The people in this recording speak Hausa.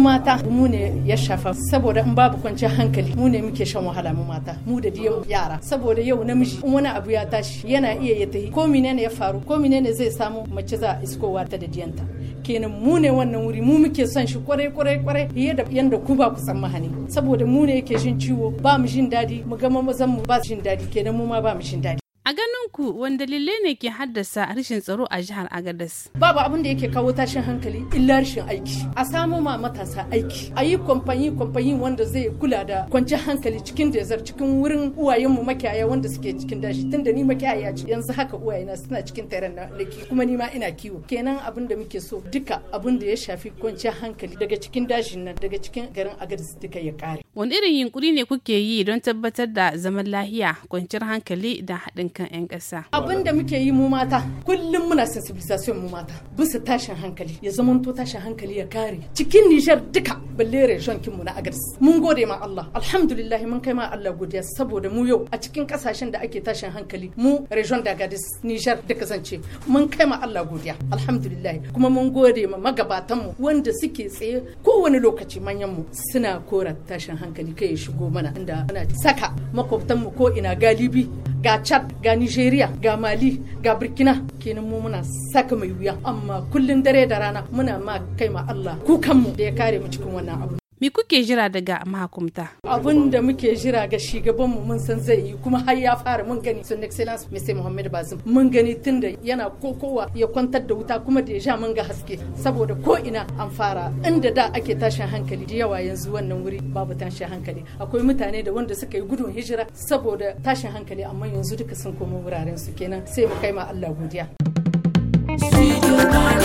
mata mu ne ya shafa saboda in babu kwanciyar hankali mu ne muke shan wahala mu mata mu da diyo yara saboda yau namiji in wani abu ya tashi yana iya ya tahi ko menene ya faru ko menene zai samu mace za iskowa ta da diyanta kenan mu ne wannan wuri mu muke son shi kwarai kwarai kwarai fiye da yanda ku ba ku mahani saboda mu ne yake jin ciwo ba mu jin dadi mu ga mazan mu ba jin dadi kenan mu ma ba mu jin dadi A ganin ku wani dalilai ne ke haddasa rashin tsaro a jihar Agadas? Babu abin da yake kawo tashin hankali illa rashin aiki. A samo ma matasa aiki. A yi kwamfani kwamfani wanda zai kula da kwanci hankali cikin dezar cikin wurin uwayenmu makiyaya wanda suke cikin dashi da ni makiyaya ce yanzu haka uwayena suna cikin taron na nake kuma ni ma ina kiwo. Kenan abin da muke so duka abin da ya shafi kwanciyar hankali daga cikin dashin nan daga cikin garin Agadas duka ya kare. wani irin yunkuri ne kuke yi don tabbatar da zaman lahiya kwanciyar hankali da haɗin kan 'yan ƙasa abin da muke yi mu mata kullum muna sensibilisation mu mata bisa tashin hankali ya zama to tashin hankali ya kare cikin nijar duka balle reshen kinmu na agars mun gode ma Allah alhamdulillah mun kai ma Allah godiya saboda mu yau a cikin kasashen da ake tashin hankali mu region da gadis nijar duka zance mun kai ma Allah godiya alhamdulillah kuma mun gode ma magabatan mu wanda suke tsaye kowane lokaci manyan mu suna kora tashin hankali kai ya shigo mana inda ana saka makwabtanmu ko ina galibi ga chad ga nigeria ga mali ga burkina kenan mu muna saka mai wuya amma kullum dare da rana muna ma kai ma allah kukanmu da ya kare mu cikin wannan abu Me kuke jira daga mahakumta? Abin da muke jira ga shugabanmu mun san zai yi kuma har ya fara mun gani son excellence Mr. Muhammad Bazum. Mun gani tun da yana kokowa ya kwantar da wuta kuma da ya mun ga haske saboda ko ina an fara inda da ake tashin hankali da yawa yanzu wannan wuri babu tashin hankali. Akwai mutane da wanda suka yi gudun hijira saboda tashin hankali amma yanzu duka sun koma wuraren su kenan sai mu kai ma Allah godiya. Studio